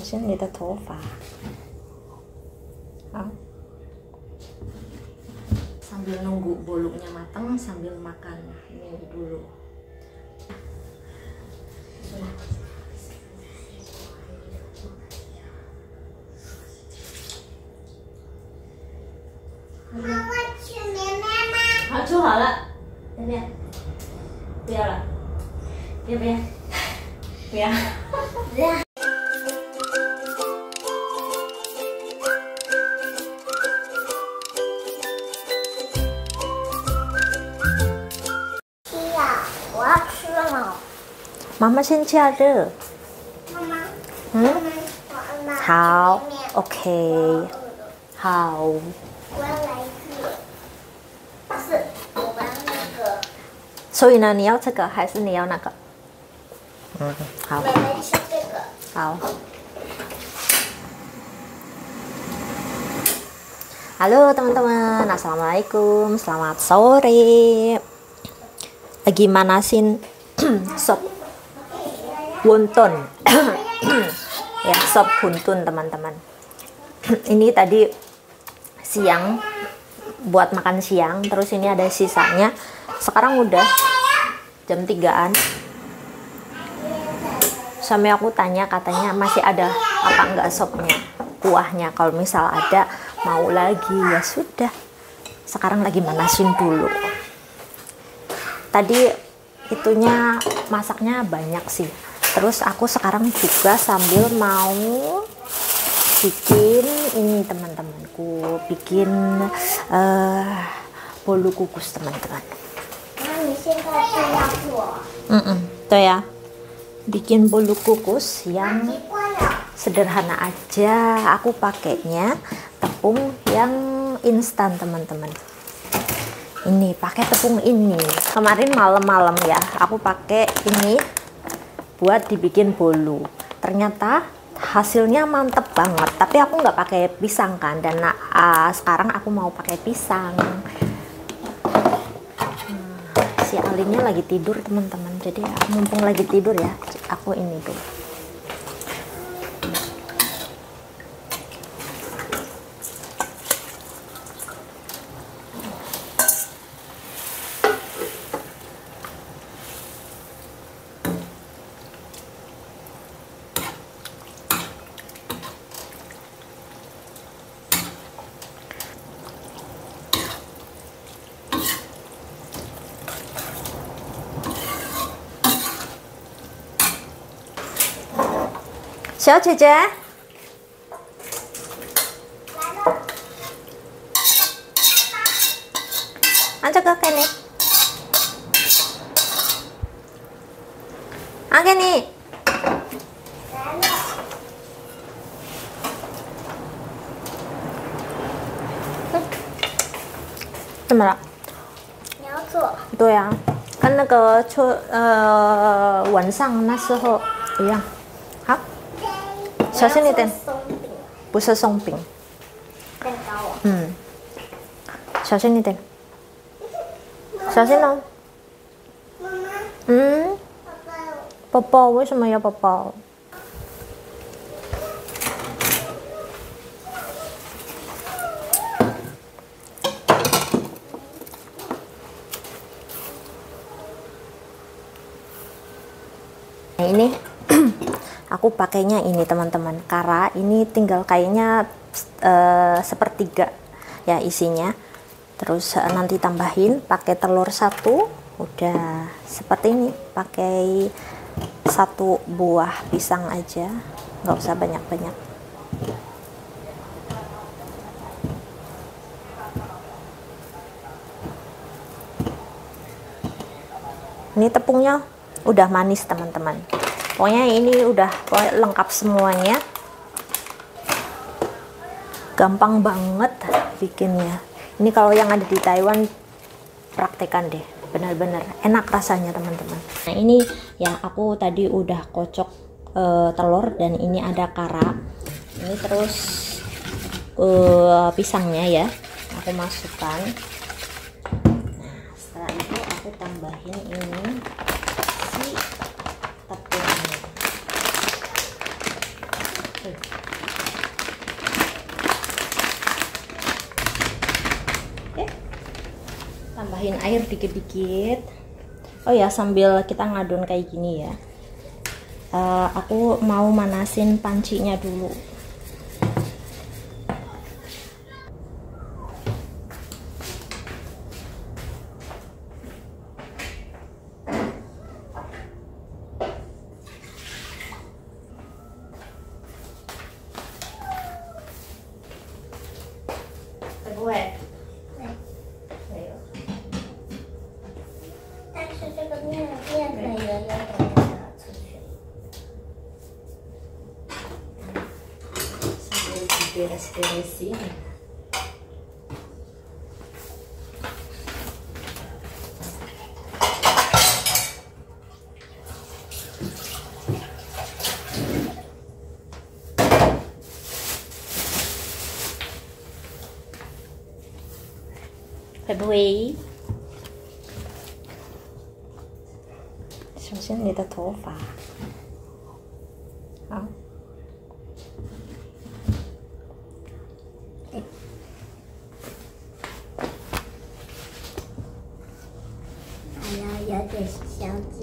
sambil nunggu bolunya matang sambil makan ini ya. dulu. 妈先加热。嗯，好，OK，好。所以呢，你要这个还是你要那个？嗯，好。妹妹是这个。好。Halo hmm? teman-teman, assalamualaikum, selamat sore. Lagi manasin sop wonton ya sop buntun teman-teman ini tadi siang buat makan siang terus ini ada sisanya sekarang udah jam 3an suami aku tanya katanya masih ada apa enggak sopnya kuahnya kalau misal ada mau lagi ya sudah sekarang lagi manasin dulu tadi itunya masaknya banyak sih terus aku sekarang juga sambil mau bikin ini teman-temanku bikin uh, bolu kukus teman-teman mm -mm, tuh ya bikin bolu kukus yang sederhana aja aku pakainya tepung yang instan teman-teman ini pakai tepung ini kemarin malam-malam ya aku pakai ini buat dibikin bolu ternyata hasilnya mantep banget tapi aku nggak pakai pisang kan dan uh, sekarang aku mau pakai pisang hmm, si Alinnya lagi tidur teman-teman jadi ah, mumpung lagi tidur ya aku ini tuh. 小姐姐，来了，这个给你，拿给你，来了，怎么了？你要做？对呀，跟那个初呃晚上那时候一样。小心一点，不是松饼，蛋糕。嗯，小心一点，小心呢？妈妈。嗯，宝宝，为什么要宝宝？你你。aku pakainya ini teman-teman kara ini tinggal kayaknya uh, sepertiga ya isinya terus uh, nanti tambahin pakai telur satu udah seperti ini pakai satu buah pisang aja nggak usah banyak-banyak ini tepungnya udah manis teman-teman pokoknya ini udah lengkap semuanya gampang banget bikinnya ini kalau yang ada di Taiwan praktekan deh benar-benar enak rasanya teman-teman nah ini ya aku tadi udah kocok e, telur dan ini ada kara ini terus e, pisangnya ya aku masukkan nah setelah itu aku tambahin ini tambahin air dikit-dikit oh ya sambil kita ngadon kayak gini ya uh, aku mau manasin pancinya dulu beres ver as 哎呀，有点小脚，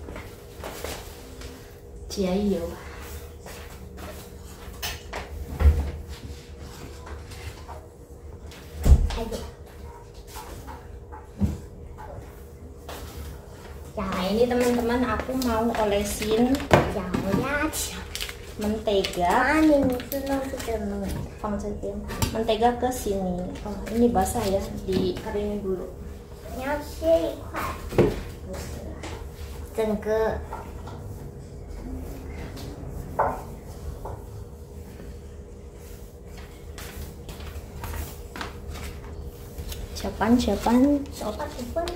加油！mau olesin mentega ah, oh, mentega ke sini oh, ini basah ya di kering dulu siapaan siapaan siapaan siapaan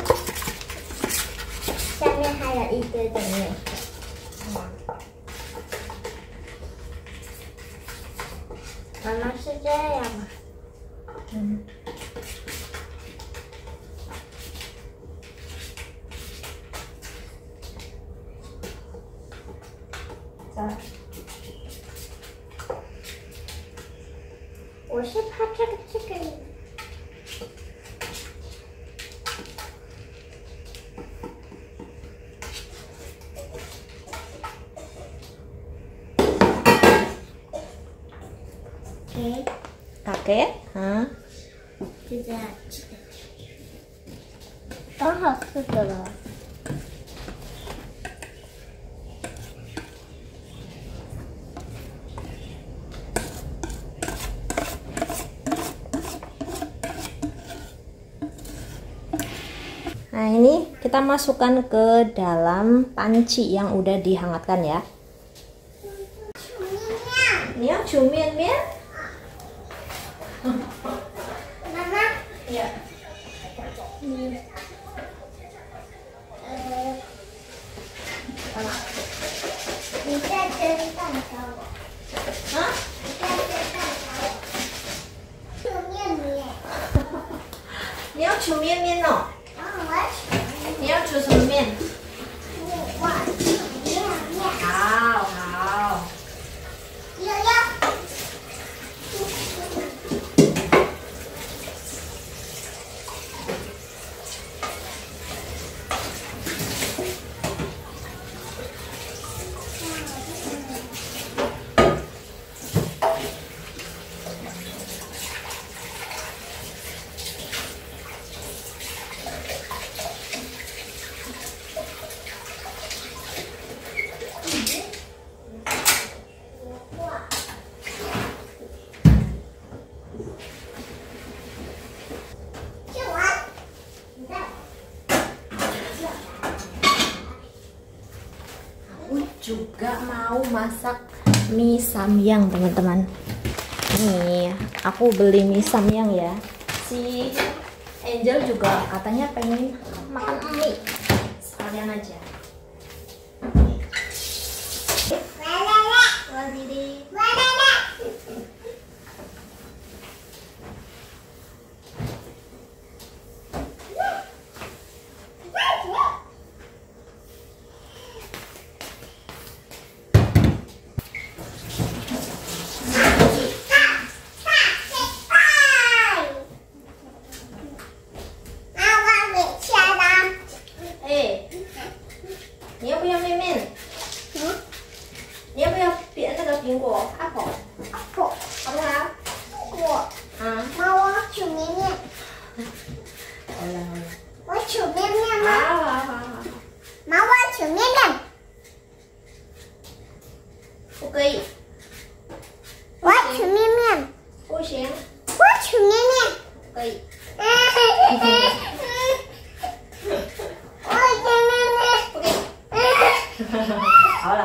下面还有一堆的面妈妈是这样吗？嗯。Nah ini kita masukkan ke dalam panci yang udah dihangatkan ya 妈妈，你在吃上教我。啊？你在吃上教我。求面面。你要求面面哦。啊，我求。你要求什么面？masak mie samyang teman-teman nih aku beli mie samyang ya si Angel juga katanya pengen makan mie sekalian aja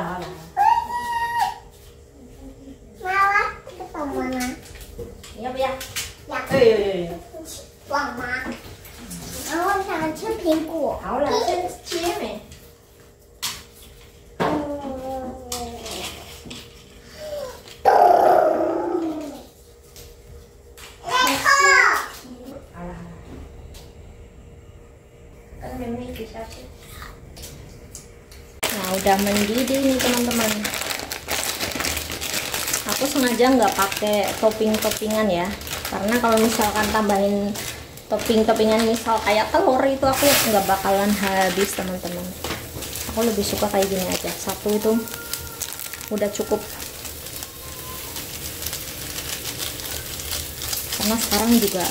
妈妈，这个什么吗？你要不要？要。哎呦呦呦！妈妈，后我想吃苹果。好了，pakai topping-toppingan ya karena kalau misalkan tambahin topping-toppingan misal kayak telur itu aku nggak bakalan habis teman-teman aku lebih suka kayak gini aja satu itu udah cukup karena sekarang juga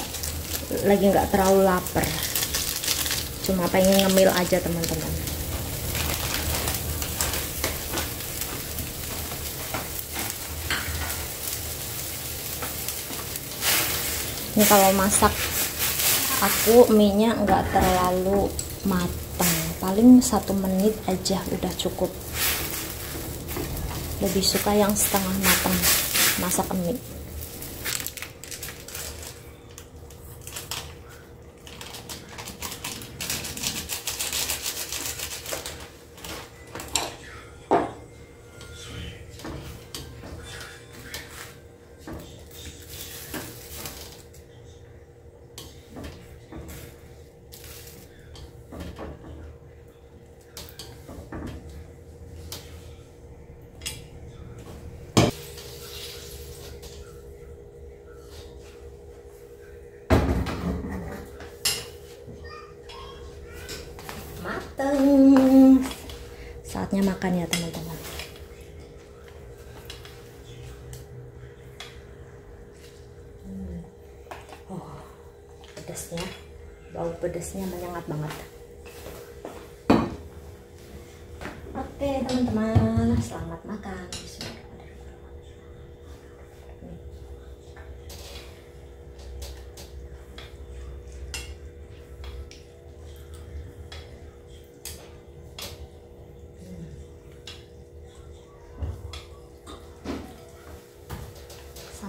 lagi nggak terlalu lapar cuma pengen ngemil aja teman-teman ini kalau masak aku minyak nggak terlalu matang paling satu menit aja udah cukup lebih suka yang setengah matang masak mie saatnya makan ya teman-teman hmm. oh pedasnya bau pedasnya menyengat banget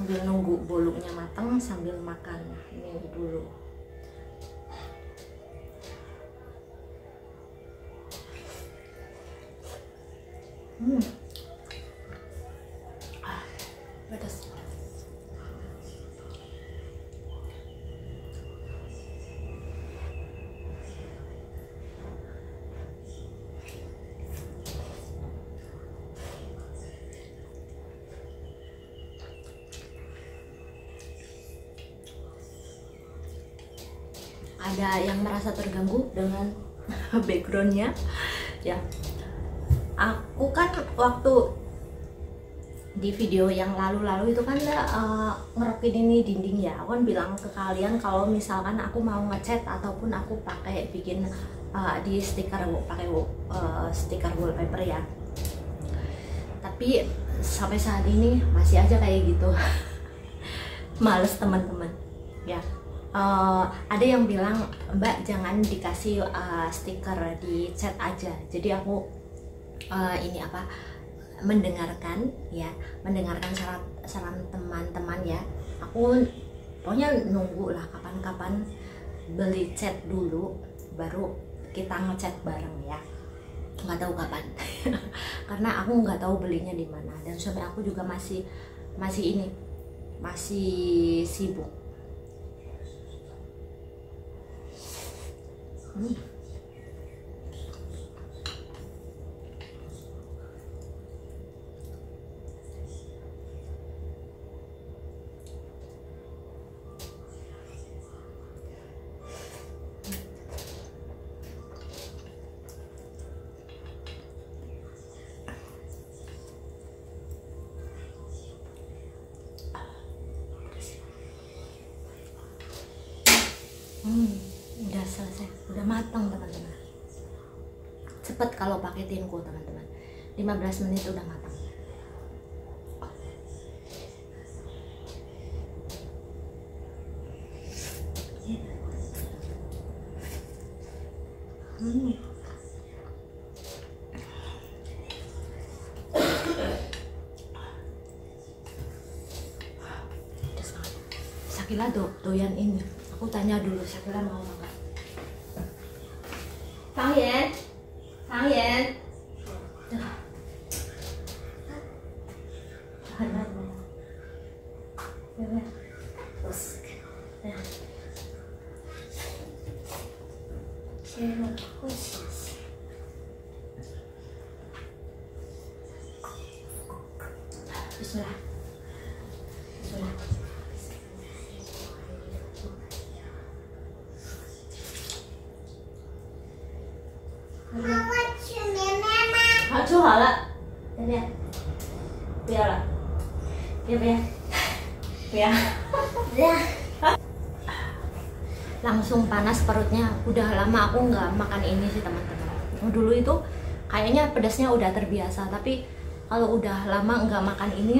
sambil nunggu bolunya matang sambil makan ini dulu ada yang merasa terganggu dengan backgroundnya ya aku kan waktu di video yang lalu-lalu itu kan uh, eh, ngerokin ini dinding ya aku kan bilang ke kalian kalau misalkan aku mau ngecat ataupun aku pakai bikin uh, di stiker pakai uh, stiker wallpaper ya tapi sampai saat ini masih aja kayak gitu males teman-teman ya uh, ada yang bilang mbak jangan dikasih uh, stiker di chat aja jadi aku uh, ini apa mendengarkan ya mendengarkan saran saran teman-teman ya aku pokoknya nunggu lah kapan-kapan beli chat dulu baru kita ngechat bareng ya nggak tahu kapan karena aku nggak tahu belinya di mana dan sampai aku juga masih masih ini masih sibuk うん selesai udah matang teman-teman cepet kalau pakai tinku teman-teman 15 menit udah matang hmm. Sakila do doyan ini aku tanya dulu Sakila mau nggak 唐岩，唐岩。langsung panas perutnya. Udah lama aku nggak makan ini sih teman-teman. Dulu itu kayaknya pedasnya udah terbiasa, tapi kalau udah lama nggak makan ini,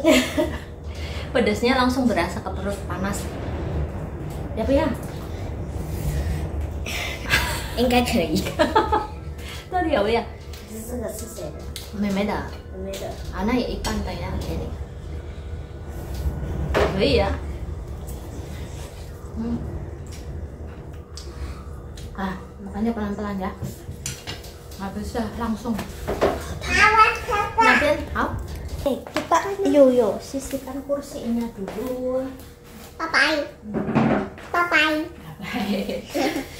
pedasnya langsung berasa ke perut panas. Ya, ya. 应该可以。到底有没有？这个是谁的？妹妹的。妹妹的。啊，那也一半，等一下给你。可以啊。Hmm. Ah, makannya pelan-pelan ya. Nggak bisa langsung. Nanti, au. Eh, kita yuk yuk sisihkan kursinya dulu. Papai. Papai. Papai.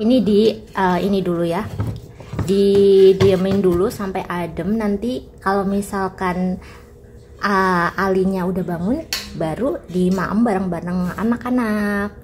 ini di uh, ini dulu ya di diamin dulu sampai adem nanti kalau misalkan uh, alinya udah bangun baru dimaem bareng-bareng anak-anak